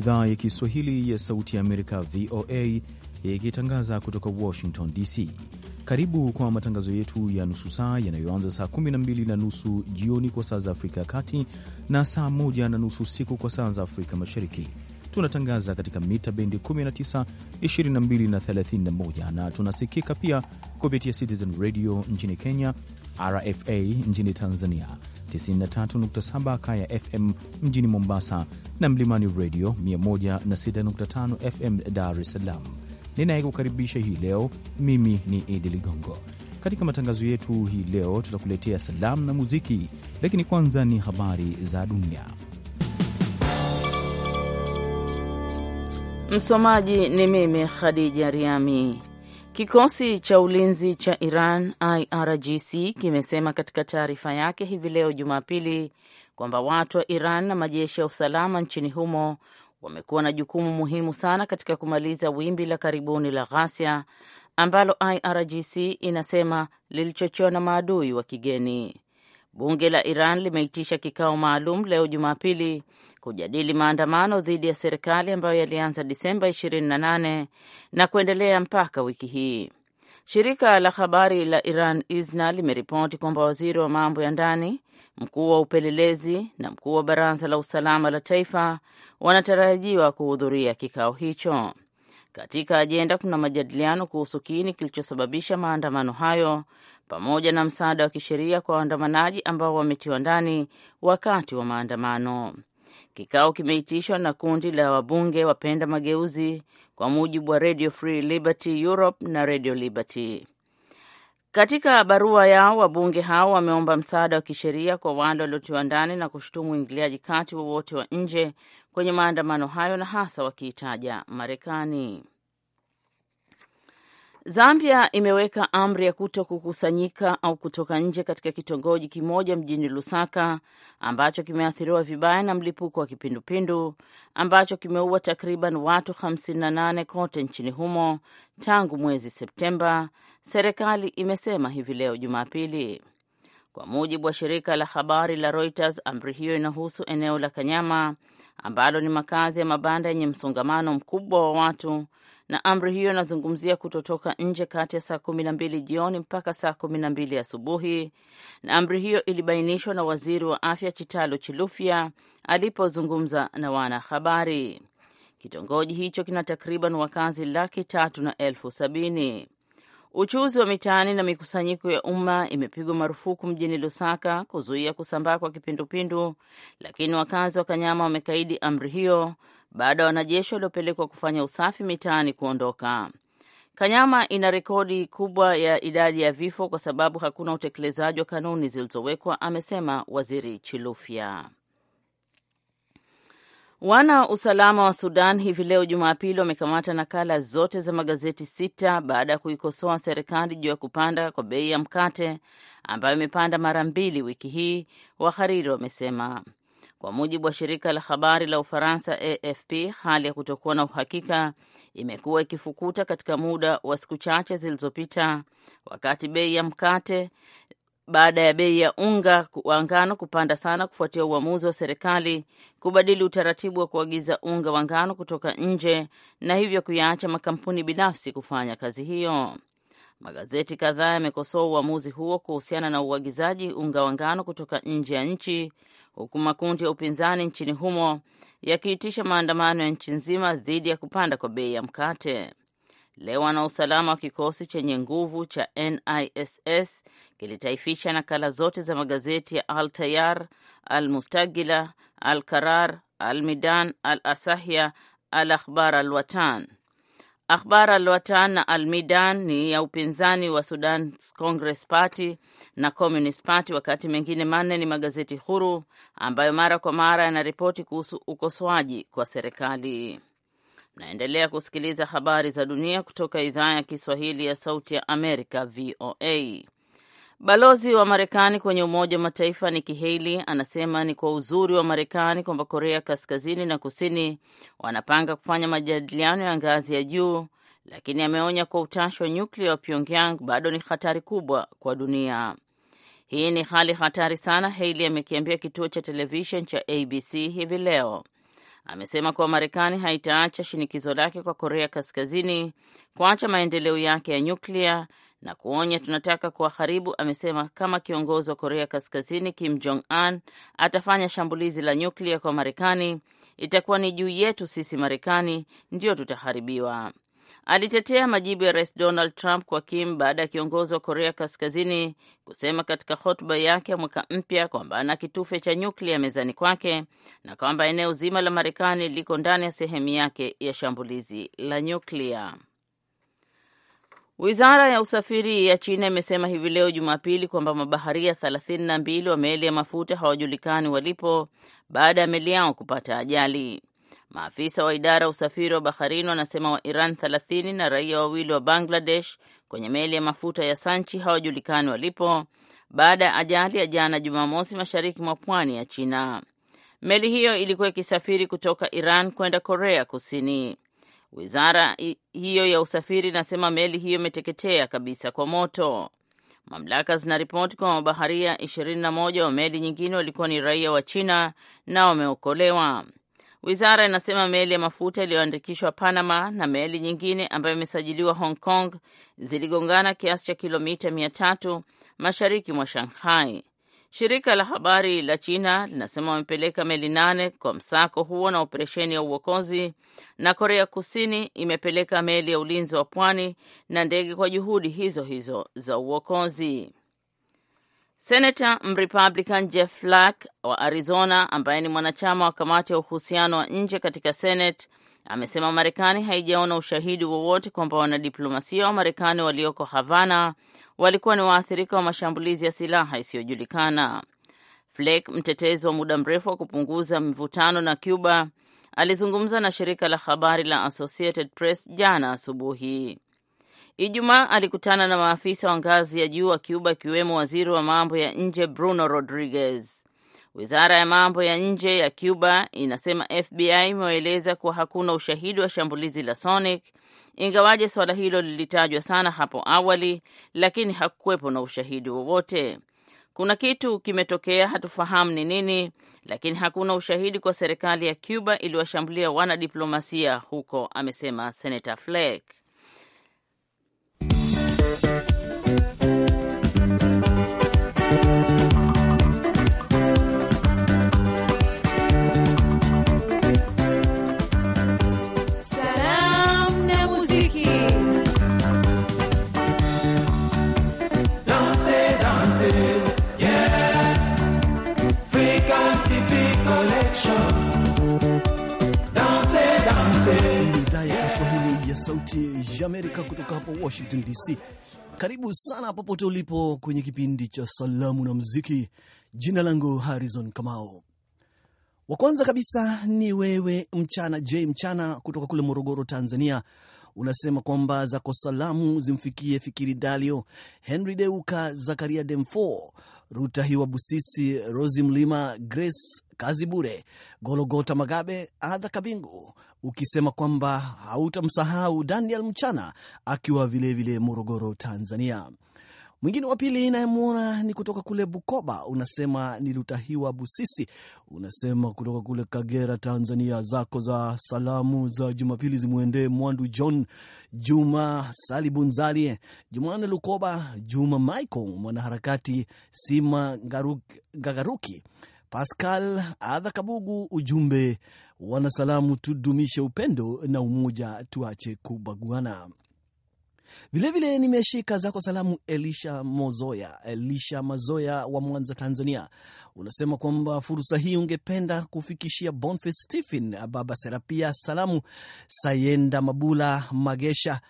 idhaa ya Kiswahili ya Sauti ya Amerika, VOA, ikitangaza kutoka Washington DC. Karibu kwa matangazo yetu ya nusu saa yanayoanza saa 12 na nusu jioni kwa saa za Afrika ya Kati na saa 1 na nusu siku kwa saa za Afrika Mashariki Tunatangaza katika mita bendi 19, 22 na 31 na tunasikika pia kupitia Citizen Radio nchini Kenya, RFA nchini Tanzania, 93.7 Kaya FM mjini Mombasa na Mlimani Radio 106.5 FM Dar es Salaam. Ninayekukaribisha hii leo mimi ni Idi Ligongo. Katika matangazo yetu hii leo tutakuletea salamu na muziki, lakini kwanza ni habari za dunia. Msomaji ni mimi Khadija Riami. Kikosi cha ulinzi cha Iran IRGC kimesema katika taarifa yake hivi leo Jumapili kwamba watu wa Iran na majeshi ya usalama nchini humo wamekuwa na jukumu muhimu sana katika kumaliza wimbi la karibuni la ghasia ambalo IRGC inasema lilichochewa na maadui wa kigeni. Bunge la Iran limeitisha kikao maalum leo Jumapili kujadili maandamano dhidi ya serikali ambayo yalianza Disemba 28 na kuendelea mpaka wiki hii. Shirika la habari la Iran ISNA limeripoti kwamba waziri wa mambo ya ndani, mkuu wa upelelezi na mkuu wa baraza la usalama la taifa wanatarajiwa kuhudhuria kikao hicho. Katika ajenda kuna majadiliano kuhusu kiini kilichosababisha maandamano hayo pamoja na msaada wa kisheria kwa waandamanaji ambao wametiwa ndani wakati wa maandamano. Kikao kimeitishwa na kundi la wabunge wapenda mageuzi kwa mujibu wa Radio Free Liberty Europe na Radio Liberty. Katika barua yao wabunge hao wameomba msaada wa kisheria kwa wale waliotiwa ndani na kushutumu uingiliaji kati wowote wa, wa nje kwenye maandamano hayo na hasa wakiitaja Marekani. Zambia imeweka amri ya kuto kukusanyika au kutoka nje katika kitongoji kimoja mjini Lusaka ambacho kimeathiriwa vibaya na mlipuko wa kipindupindu ambacho kimeua takriban watu 58 kote nchini humo tangu mwezi Septemba, serikali imesema hivi leo Jumapili. Kwa mujibu wa shirika la habari la Reuters, amri hiyo inahusu eneo la Kanyama ambalo ni makazi ya mabanda yenye msongamano mkubwa wa watu na amri hiyo inazungumzia kutotoka nje kati ya saa kumi na mbili jioni mpaka saa kumi na mbili asubuhi. Na amri hiyo ilibainishwa na waziri wa afya Chitalo Chilufya alipozungumza na wanahabari. Kitongoji hicho kina takriban wakazi laki tatu na elfu sabini. Uchuzi wa mitaani na mikusanyiko ya umma imepigwa marufuku mjini Lusaka kuzuia kusambaa kwa kipindupindu, lakini wakazi wa Kanyama wamekaidi amri hiyo baada ya wanajeshi waliopelekwa kufanya usafi mitaani kuondoka. Kanyama ina rekodi kubwa ya idadi ya vifo kwa sababu hakuna utekelezaji wa kanuni zilizowekwa, amesema Waziri Chilufya. Wana wa usalama wa Sudan hivi leo Jumapili wamekamata nakala zote za magazeti sita baada ya kuikosoa serikali juu ya kupanda kwa bei ya mkate ambayo imepanda mara mbili wiki hii, wahariri wamesema. Kwa mujibu wa shirika la habari la Ufaransa AFP, hali ya kutokuwa na uhakika imekuwa ikifukuta katika muda wa siku chache zilizopita, wakati bei ya mkate baada ya bei ya unga wa ngano kupanda sana kufuatia uamuzi wa serikali kubadili utaratibu wa kuagiza unga wa ngano kutoka nje na hivyo kuyaacha makampuni binafsi kufanya kazi hiyo. Magazeti kadhaa yamekosoa uamuzi huo kuhusiana na uagizaji unga wa ngano kutoka nje ya nchi, huku makundi ya upinzani nchini humo yakiitisha maandamano ya nchi nzima dhidi ya kupanda kwa bei ya mkate. Leo wana usalama wa kikosi chenye nguvu cha NISS kilitaifisha nakala zote za magazeti ya Al Tayar, Al mustagila Al Qarar, Al Midan, Al Asahya, Al Akhbar Al Watan. Akhbar Al Watan na Al Midan ni ya upinzani wa Sudan Congress Party na Communist Party, wakati mengine manne ni magazeti huru ambayo mara kwa mara yanaripoti kuhusu ukosoaji kwa serikali. Naendelea kusikiliza habari za dunia kutoka idhaa ya Kiswahili ya Sauti ya Amerika, VOA. Balozi wa Marekani kwenye Umoja wa Mataifa Nikki Haley anasema ni kwa uzuri wa Marekani kwamba Korea Kaskazini na Kusini wanapanga kufanya majadiliano ya ngazi ya juu, lakini ameonya kwa utashi wa nyuklia wa Pyongyang bado ni hatari kubwa kwa dunia. Hii ni hali hatari sana, Haley amekiambia kituo cha televishen cha ABC hivi leo. Amesema kuwa Marekani haitaacha shinikizo lake kwa Korea Kaskazini kuacha maendeleo yake ya nyuklia na kuonya tunataka kuwaharibu, amesema kama kiongozi wa Korea Kaskazini Kim Jong Un atafanya shambulizi la nyuklia kwa Marekani, itakuwa ni juu yetu sisi Marekani ndio tutaharibiwa. Alitetea majibu ya Rais Donald Trump kwa Kim baada ya kiongozi wa Korea Kaskazini kusema katika hotuba yake ya mwaka mpya kwamba ana kitufe cha nyuklia mezani kwake na kwamba eneo zima la Marekani liko ndani ya sehemu yake ya shambulizi la nyuklia. Wizara ya usafiri ya China imesema hivi leo Jumapili kwamba mabaharia thelathini na mbili wa meli ya mafuta hawajulikani walipo baada ya meli yao kupata ajali. Maafisa wa idara ya usafiri wa baharini wanasema wa Iran 30 na raia wawili wa Bangladesh kwenye meli ya mafuta ya Sanchi hawajulikani walipo baada ya ajali ya jana Jumamosi mashariki mwa pwani ya China. Meli hiyo ilikuwa ikisafiri kutoka Iran kwenda Korea Kusini. Wizara hiyo ya usafiri inasema meli hiyo imeteketea kabisa kwa moto. Mamlaka zinaripoti kwa mabaharia 21 wa meli nyingine walikuwa ni raia wa China na wameokolewa. Wizara inasema meli ya mafuta iliyoandikishwa Panama na meli nyingine ambayo imesajiliwa Hong Kong ziligongana kiasi cha kilomita 300 mashariki mwa Shanghai. Shirika la habari la China linasema wamepeleka meli nane kwa msako huo na operesheni ya uokozi, na Korea Kusini imepeleka meli ya ulinzi wa pwani na ndege kwa juhudi hizo hizo za uokozi. Senata Mrepublican Jeff Flake wa Arizona, ambaye ni mwanachama wa kamati ya uhusiano wa nje katika Senate, amesema Marekani haijaona ushahidi wowote kwamba wanadiplomasia wa Marekani walioko Havana walikuwa ni waathirika wa mashambulizi ya silaha isiyojulikana. Flake, mtetezi wa muda mrefu wa kupunguza mivutano na Cuba, alizungumza na shirika la habari la Associated Press jana asubuhi. Ijumaa alikutana na maafisa wa ngazi ya juu wa Cuba, akiwemo waziri wa mambo ya nje Bruno Rodriguez. Wizara ya mambo ya nje ya Cuba inasema FBI imewaeleza kuwa hakuna ushahidi wa shambulizi la Sonic, ingawaje suala hilo lilitajwa sana hapo awali, lakini hakukuwepo na ushahidi wowote. Kuna kitu kimetokea, hatufahamu ni nini, lakini hakuna ushahidi kwa serikali ya Cuba iliwashambulia wanadiplomasia huko, amesema Senator Flake. Sauti ya Amerika kutoka hapa Washington DC. Karibu sana popote ulipo kwenye kipindi cha Salamu na Muziki. Jina langu Harrison Kamao. Wa kwanza kabisa ni wewe Mchana J Mchana kutoka kule Morogoro, Tanzania. Unasema kwamba zako salamu zimfikie Fikiri Dalio, Henry Deuka, Zakaria Demfo, Ruta Hiwa Busisi, Rosi Mlima, Grace kazi bure. Gologota Magabe adha kabingu ukisema kwamba hautamsahau Daniel Mchana akiwa vilevile vile Morogoro, Tanzania. Mwingine wa pili inayemwona ni kutoka kule Bukoba, unasema ni Lutahiwa Busisi, unasema kutoka kule Kagera, Tanzania. Zako za salamu za Jumapili zimwendee Mwandu John Juma, Salibunzali Jumane Lukoba, Juma Michael mwanaharakati, Sima Gagaruki, Pascal Adha Kabugu, ujumbe wanasalamu, tudumishe upendo na umoja, tuache kubaguana. Vilevile nimeshika zako salamu. Elisha Mozoya, Elisha Mazoya wa Mwanza, Tanzania, unasema kwamba fursa hii ungependa kufikishia Boniface Stephen, Baba Serapia, salamu Sayenda Mabula, Magesha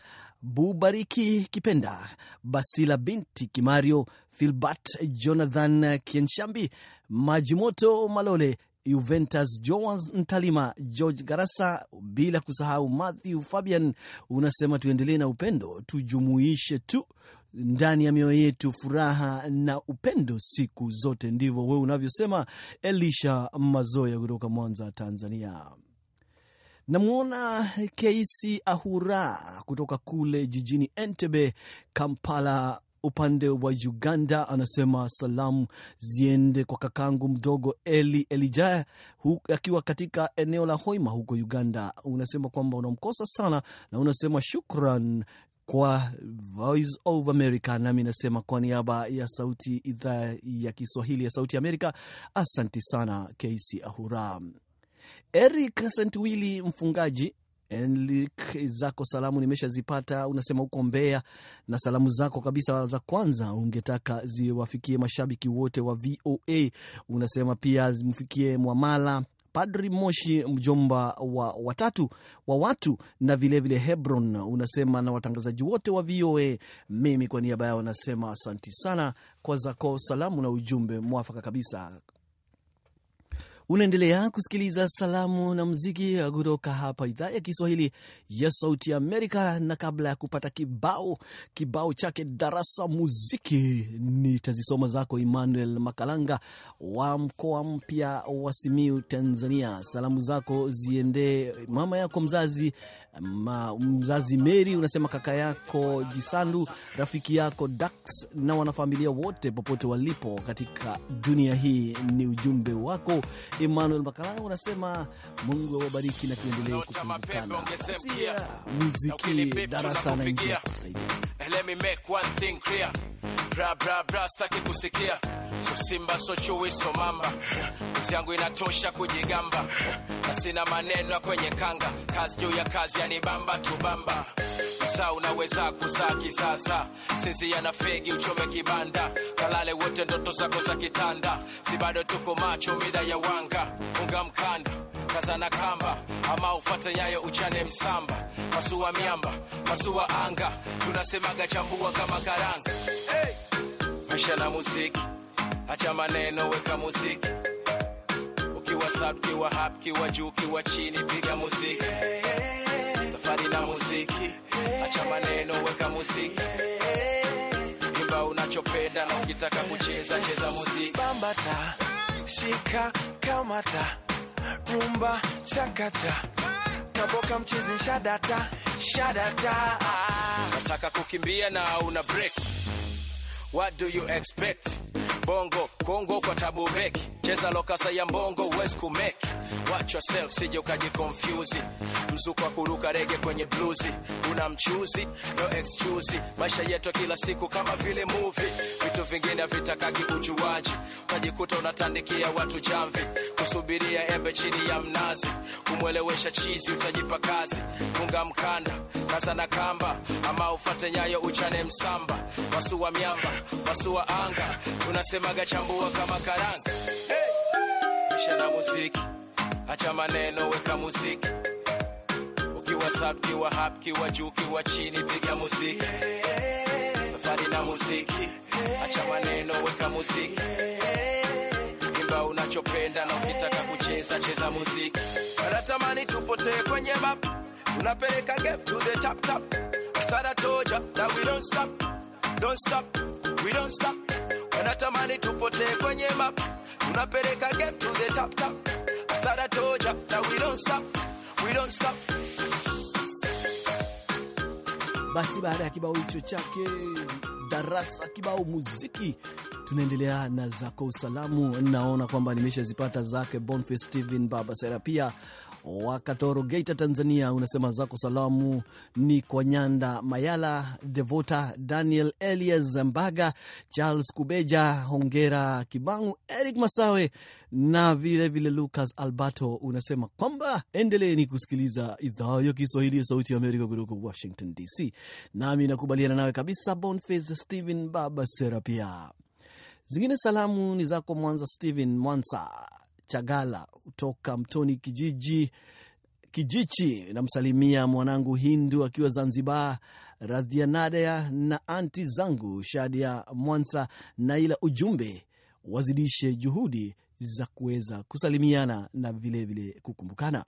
Bubariki Kipenda, Basila binti Kimario, Filbert Jonathan Kienshambi, Majimoto Malole, Juventus Joas Ntalima, George Garasa, bila kusahau Matthew Fabian. Unasema tuendelee na upendo, tujumuishe tu ndani ya mioyo yetu furaha na upendo siku zote. Ndivyo wewe unavyosema Elisha Mazoya kutoka Mwanza, Tanzania. Namwona Keisi Ahura kutoka kule jijini Entebbe, Kampala, upande wa Uganda, anasema salamu ziende kwa kakangu mdogo Eli Elijah akiwa katika eneo la Hoima huko Uganda. Unasema kwamba unamkosa sana na unasema shukran kwa Voice of America. Nami nasema kwa niaba ya sauti idhaa ya Kiswahili ya Sauti Amerika, asanti sana KC Ahura. Eric Sentwili mfungaji enlik zako salamu nimeshazipata. Unasema huko Mbeya na salamu zako kabisa za kwanza ungetaka ziwafikie mashabiki wote wa VOA. Unasema pia zimfikie Mwamala Padri Moshi, mjomba wa watatu wa watu na vilevile vile Hebron. Unasema na watangazaji wote wa VOA, mimi kwa niaba yao nasema asanti sana kwa zako salamu na ujumbe mwafaka kabisa. Unaendelea kusikiliza salamu na muziki kutoka hapa idhaa ya Kiswahili ya Sauti ya Amerika, na kabla ya kupata kibao kibao chake darasa muziki, nitazisoma zako Emmanuel Makalanga wa mkoa mpya wa Simiu, Tanzania. Salamu zako ziendee mama yako mzazi ma, mzazi Meri, unasema kaka yako Jisandu, rafiki yako Dax na wanafamilia wote popote walipo katika dunia hii. Ni ujumbe wako Emmanuel Makalala unasema Mungu awabariki na tuendelee kukumbukana. Muziki darasa na ingia kusaidia. Let me make one thing clear. Bra bra bra staki kusikia. So simba so chui so mamba. Kazi yangu inatosha kujigamba. Na sina maneno kwenye kanga. Kazi juu ya kazi yanibamba tubamba kabisa, unaweza kusaki sasa sisi yana fegi uchome kibanda kalale wote ndoto zako za kitanda si bado tuko macho mida ya wanga unga mkanda na kamba ama ufate nyayo uchane msamba pasua miamba pasua anga tunasemaga chambua kama karanga hey! na muziki hacha maneno weka muziki ukiwa sab kiwa hap kiwa juu kiwa chini piga muziki hey, hey burudani na muziki. Acha maneno, weka muziki, imba unachopenda, na ukitaka kucheza cheza muziki. Bambata, shika, kamata, rumba, chakata, kaboka, mchizi, shadata, shadata. Nataka kukimbia na una break. What do you expect? Bongo, Kongo kwa tabu beki, cheza lokasa ya mbongo, wezi kumeki watch yourself, sije confuse. Mzuko wa kuruka rege kwenye bluzi, una mchuzi no excuse. Maisha yetu kila siku kama vile movie, vitu vingine havitakagi ujuaji, unajikuta unatandikia watu jamvi, kusubiria embe chini ya mnazi, kumwelewesha chizi, utajipa kazi, funga mkanda kasa na kamba, ama ufate nyayo uchane msamba, wasua miamba, wasua anga, tunasemaga chambua kama karanga, hey! Maisha na muziki acha maneno, weka muziki. Ukiwa sub, kiwa hap, kiwa juu, kiwa chini, piga muziki. Safari na muziki, acha maneno, weka muziki. Imba unachopenda na ukitaka kucheza, cheza muziki. Natamani tupotee kwenye map, tunapeleka game to the top top. Stara toja, that we don't stop, don't stop, we don't stop. Natamani tupotee kwenye map, tunapeleka game to the top top that I told ya that we don't stop, we don't stop. Basi baada ya kibao hicho chake darasa kibao muziki, tunaendelea na zako usalamu. Naona kwamba nimeshazipata zake Boniface Steven Baba Serapia wa Katoro, Geita, Tanzania, unasema zako salamu ni kwa Nyanda Mayala, Devota Daniel, Elias Mbaga, Charles Kubeja, Hongera Kibangu, Eric Masawe na vilevile vile Lucas albato Unasema kwamba endeleeni kusikiliza idhaa ya Kiswahili ya Sauti ya Amerika kutoka Washington DC, nami nakubaliana nawe kabisa. Bonface Stephen Baba Serapia. Zingine salamu ni zako Mwanza Stephen Mwansa Chagala kutoka Mtoni kijiji Kijichi. Namsalimia mwanangu Hindu akiwa Zanzibar, Nadea na anti zangu Shadia Mwansa na ila ujumbe wazidishe juhudi za kuweza kusalimiana na vilevile kukumbukana.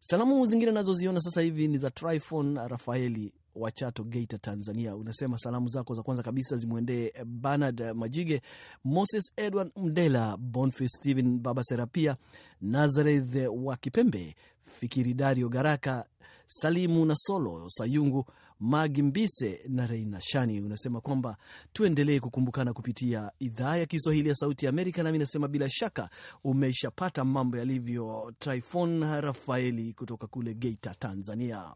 Salamu zingine nazoziona sasa hivi ni za Tryphon Rafaeli wa Chato, Geita, Tanzania. Unasema salamu zako za kwanza kabisa zimwendee Bernard Majige, Moses Edward Mdela, Boniface Stephen, Baba Serapia, Nazareth wa Kipembe, Fikiri Dario Garaka, Salimu na Solo Sayungu, Magi Mbise na Reina Shani. Unasema kwamba tuendelee kukumbukana kupitia idhaa ya Kiswahili ya Sauti ya Amerika, nami nasema bila shaka umeshapata mambo yalivyo. Tryfon Rafaeli kutoka kule Geita, Tanzania.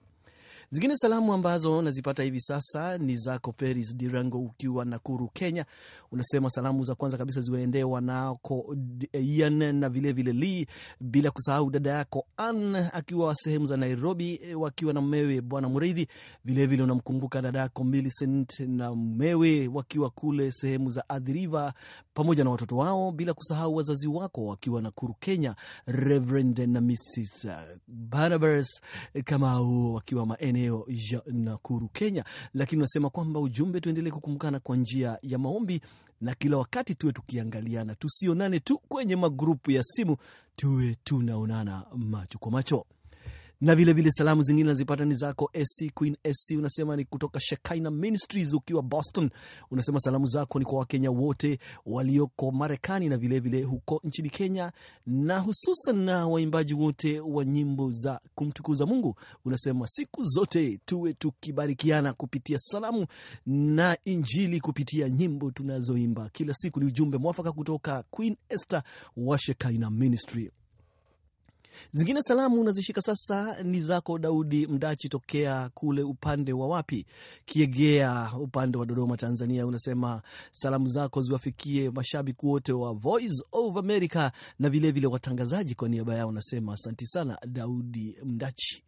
Zingine salamu ambazo nazipata hivi sasa ni zako Peris Dirango ukiwa Nakuru, Kenya. Unasema salamu za kwanza kabisa ziwaendee wanako eh, Ian na vilevile Li, bila kusahau dada yako Ann akiwa sehemu za Nairobi eh, wakiwa na mmewe Bwana Mureithi. Vilevile unamkumbuka dada yako Millicent na mmewe wakiwa kule sehemu za Adhiriva pamoja na watoto wao, bila kusahau wazazi wako wakiwa Nakuru, Kenya, Reverend na Mrs eh, Barnabas Kamau wakiwa maeneo maeneo ya Nakuru, Kenya. Lakini unasema kwamba ujumbe, tuendelee kukumbukana kwa njia ya maombi na kila wakati tuwe tukiangaliana, tusionane tu kwenye magrupu ya simu, tuwe tunaonana macho kwa macho na vilevile salamu zingine nazipata ni zako SC Queen SC, unasema ni kutoka Shekina Ministries ukiwa Boston. Unasema salamu zako ni kwa Wakenya wote walioko Marekani na vilevile vile huko nchini Kenya, na hususan na waimbaji wote wa nyimbo za kumtukuza Mungu. Unasema siku zote tuwe tukibarikiana kupitia salamu na Injili kupitia nyimbo tunazoimba kila siku. Ni ujumbe mwafaka kutoka Queen Esther wa Shekina Ministry. Zingine salamu nazishika sasa ni zako Daudi Mdachi tokea kule upande wa wapi, Kiegea, upande wa Dodoma, Tanzania. Unasema salamu zako ziwafikie mashabiki wote wa Voice of America na vilevile vile watangazaji. Kwa niaba yao unasema asanti sana Daudi Mdachi.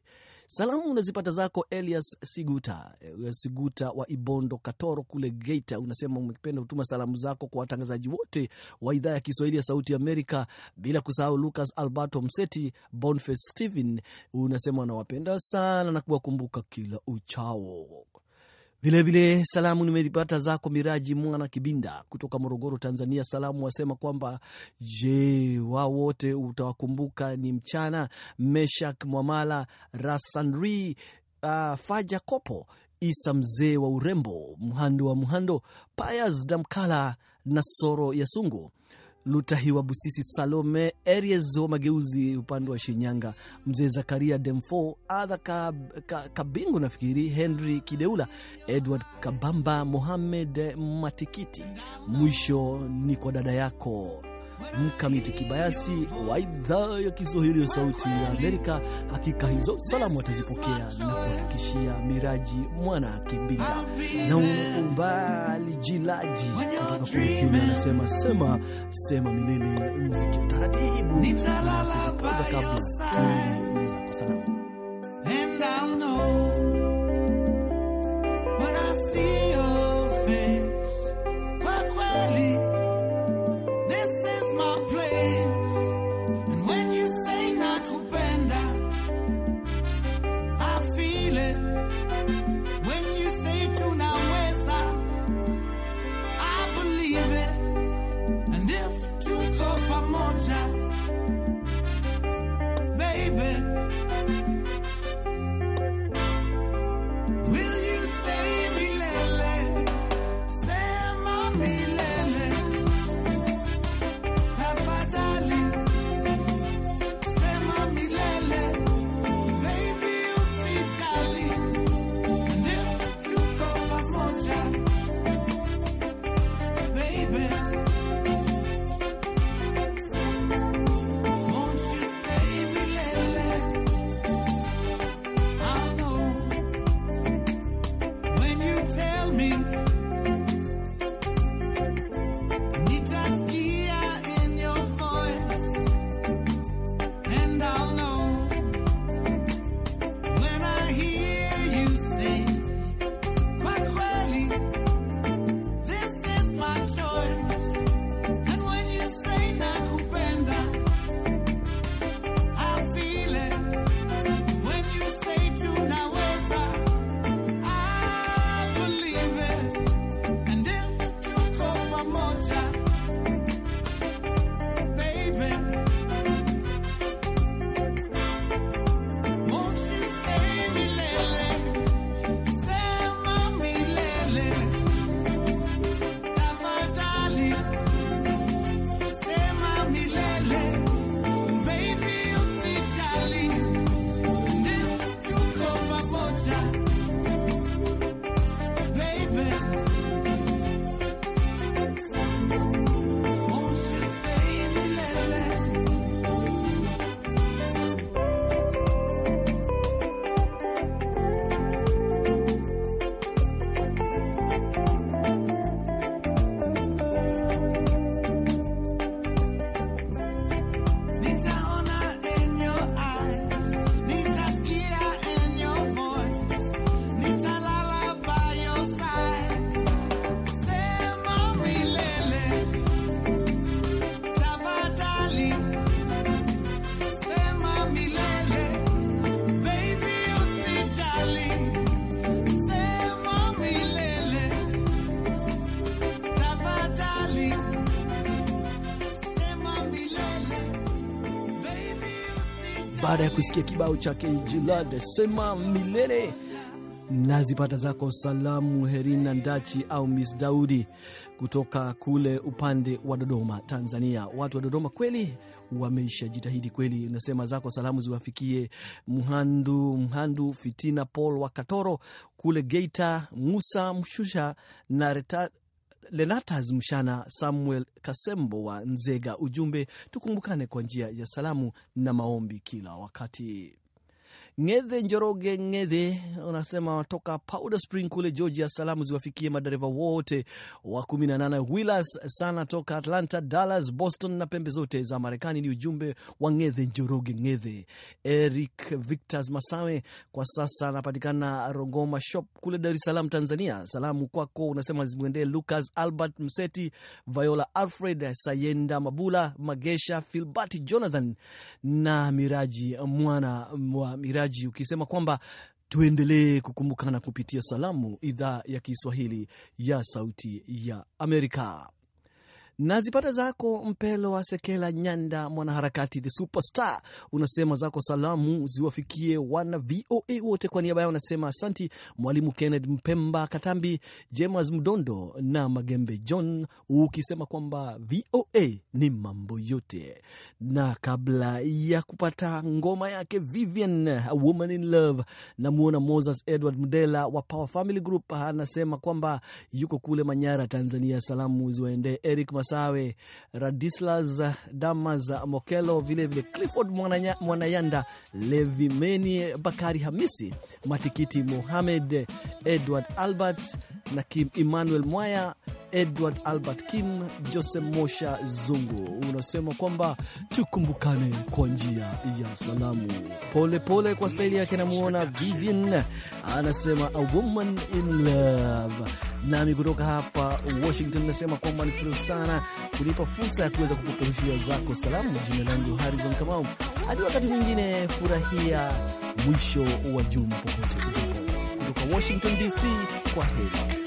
Salamu unazipata zako Elias Siguta, eh, Siguta wa Ibondo Katoro kule Geita. Unasema umependa kutuma salamu zako kwa watangazaji wote wa idhaa ya Kiswahili ya Sauti Amerika, bila kusahau Lucas Alberto Mseti, Boniface Steven. Unasema anawapenda sana na kuwakumbuka kila uchao. Vilevile salamu nimezipata zako Miraji Mwana Kibinda kutoka Morogoro, Tanzania. Salamu wasema kwamba je, wao wote utawakumbuka ni mchana Meshak Mwamala, Rasanri uh, Faja Kopo, Isa mzee wa urembo, Mhando wa Mhando, Payas Damkala na Soro ya Sungu Lutahiwa Busisi, Salome Aries wa Mageuzi upande wa Shinyanga, mzee Zakaria Demfo, Adha Kabingu, ka, nafikiri Henry Kideula, Edward Kabamba, Mohamed Matikiti. Mwisho ni kwa dada yako Mkamiti Kibayasi wa idhaa ya Kiswahili ya Sauti ya Amerika. Hakika hizo salamu atazipokea na kuhakikishia Miraji Mwana Kibinga na umbali jilaji kutoka Kuukini, anasema sema sema milele mziki utaratibu, nitalala kabla tuza kusalamu baada ya kusikia kibao chake Jilade sema milele nazipata zako salamu Herina Ndachi au Miss Daudi kutoka kule upande wa Dodoma, Tanzania. Watu wa Dodoma kweli wameisha jitahidi kweli. Nasema zako salamu ziwafikie Mhandu Mhandu Fitina Paul Wakatoro kule Geita, Musa Mshusha na Reta, Lenatas Mshana Samuel Kasembo wa Nzega. Ujumbe, tukumbukane kwa njia ya salamu na maombi kila wakati. Ng'ethe Njoroge Ng'ethe unasema toka Powder Spring kule Georgia. Salamu ziwafikie madereva wote wa 18 wheelers sana toka Atlanta, Dallas, Boston na pembe zote za Marekani. Ni ujumbe wa Ng'ethe Njoroge Ng'ethe. Eric Victors Masawe kwa sasa anapatikana Rongoma Shop kule Dar es Salaam, Tanzania. Salamu kwako unasema zimwendee Lucas Albert Mseti, Viola Alfred Sayenda, Mabula Magesha, Filbert Jonathan na Miraji mwana wa Miraji msikilizaji ukisema kwamba tuendelee kukumbukana kupitia salamu idhaa ya Kiswahili ya Sauti ya Amerika na zipata zako Mpelo wa Sekela Nyanda, mwanaharakati the superstar, unasema zako salamu ziwafikie wana VOA wote. Kwa niaba yao unasema asanti Mwalimu Kenneth Mpemba Katambi, James Mdondo na Magembe John, ukisema kwamba VOA ni mambo yote. Na kabla ya kupata ngoma yake Vivian, a woman in love, namwona Moses Edward Mdela wa Power Family Group anasema kwamba yuko kule Manyara, Tanzania. Salamu ziwaendee Eric Mas Masawe, Radislas Damas Mokelo, vilevile Clifford Mwanayanda, Levimeni Bakari Hamisi, Matikiti Muhamed Edward Albert na Kim Emmanuel Mwaya, Edward Albert Kim, Joseph Mosha Zungu. Unasema kwamba tukumbukane kwa njia ya salamu. Pole pole kwa staili yake, namuona Vivian anasema a woman in love. Nami kutoka hapa Washington nasema kwamba ni furaha sana kunipa fursa ya kuweza kupeperushia zako salamu. Jina langu Harrison Kamau. Hadi wakati mwingine, furahia mwisho wa juma popote ulipo. Kutoka Washington DC, kwa heri.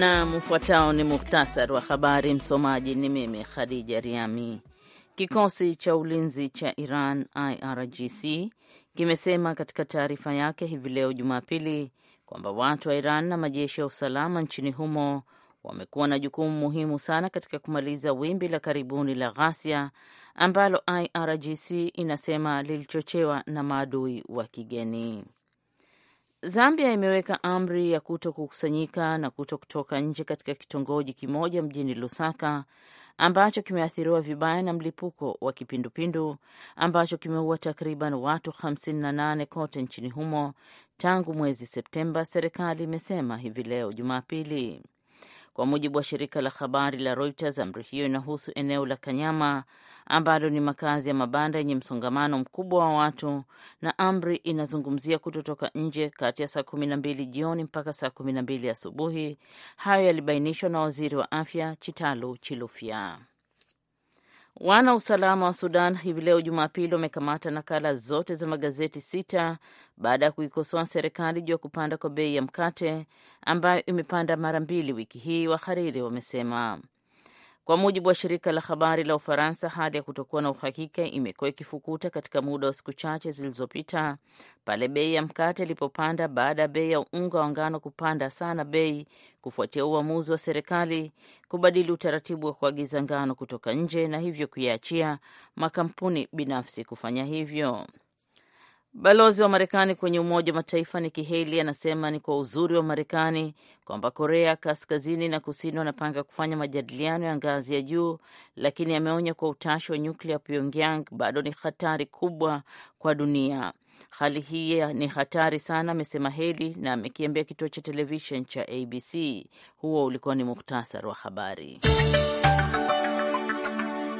na mfuatao ni muhtasari wa habari. Msomaji ni mimi Khadija Riami. Kikosi cha ulinzi cha Iran IRGC kimesema katika taarifa yake hivi leo Jumapili kwamba watu wa Iran na majeshi ya usalama nchini humo wamekuwa na jukumu muhimu sana katika kumaliza wimbi la karibuni la ghasia ambalo IRGC inasema lilichochewa na maadui wa kigeni. Zambia imeweka amri ya kuto kukusanyika na kuto kutoka nje katika kitongoji kimoja mjini Lusaka ambacho kimeathiriwa vibaya na mlipuko wa kipindupindu ambacho kimeua takriban watu 58 kote nchini humo tangu mwezi Septemba, serikali imesema hivi leo Jumapili. Kwa mujibu wa shirika la habari la Reuters, amri hiyo inahusu eneo la Kanyama ambalo ni makazi ya mabanda yenye msongamano mkubwa wa watu, na amri inazungumzia kutotoka nje kati ya saa kumi na mbili jioni mpaka saa kumi na mbili asubuhi. Hayo yalibainishwa na waziri wa afya Chitalu Chilufya. Wana usalama wa Sudan hivi leo Jumapili wamekamata nakala zote za magazeti sita baada ya kuikosoa serikali juu ya kupanda kwa bei ya mkate ambayo imepanda mara mbili wiki hii, wahariri wamesema. Kwa mujibu wa shirika la habari la Ufaransa, hali ya kutokuwa na uhakika imekuwa ikifukuta katika muda wa siku chache zilizopita pale bei ya mkate ilipopanda baada ya bei ya unga wa ngano kupanda sana bei kufuatia uamuzi wa serikali kubadili utaratibu wa kuagiza ngano kutoka nje na hivyo kuyaachia makampuni binafsi kufanya hivyo. Balozi wa Marekani kwenye Umoja wa Mataifa Nikki Haley anasema ni kwa uzuri wa Marekani kwamba Korea Kaskazini na Kusini wanapanga kufanya majadiliano ya ngazi ya juu, lakini ameonya kwa utashi wa nyuklia Pyongyang bado ni hatari kubwa kwa dunia. Hali hii ni hatari sana, amesema Haley na amekiambia kituo cha televishen cha ABC. Huo ulikuwa ni muhtasari wa habari.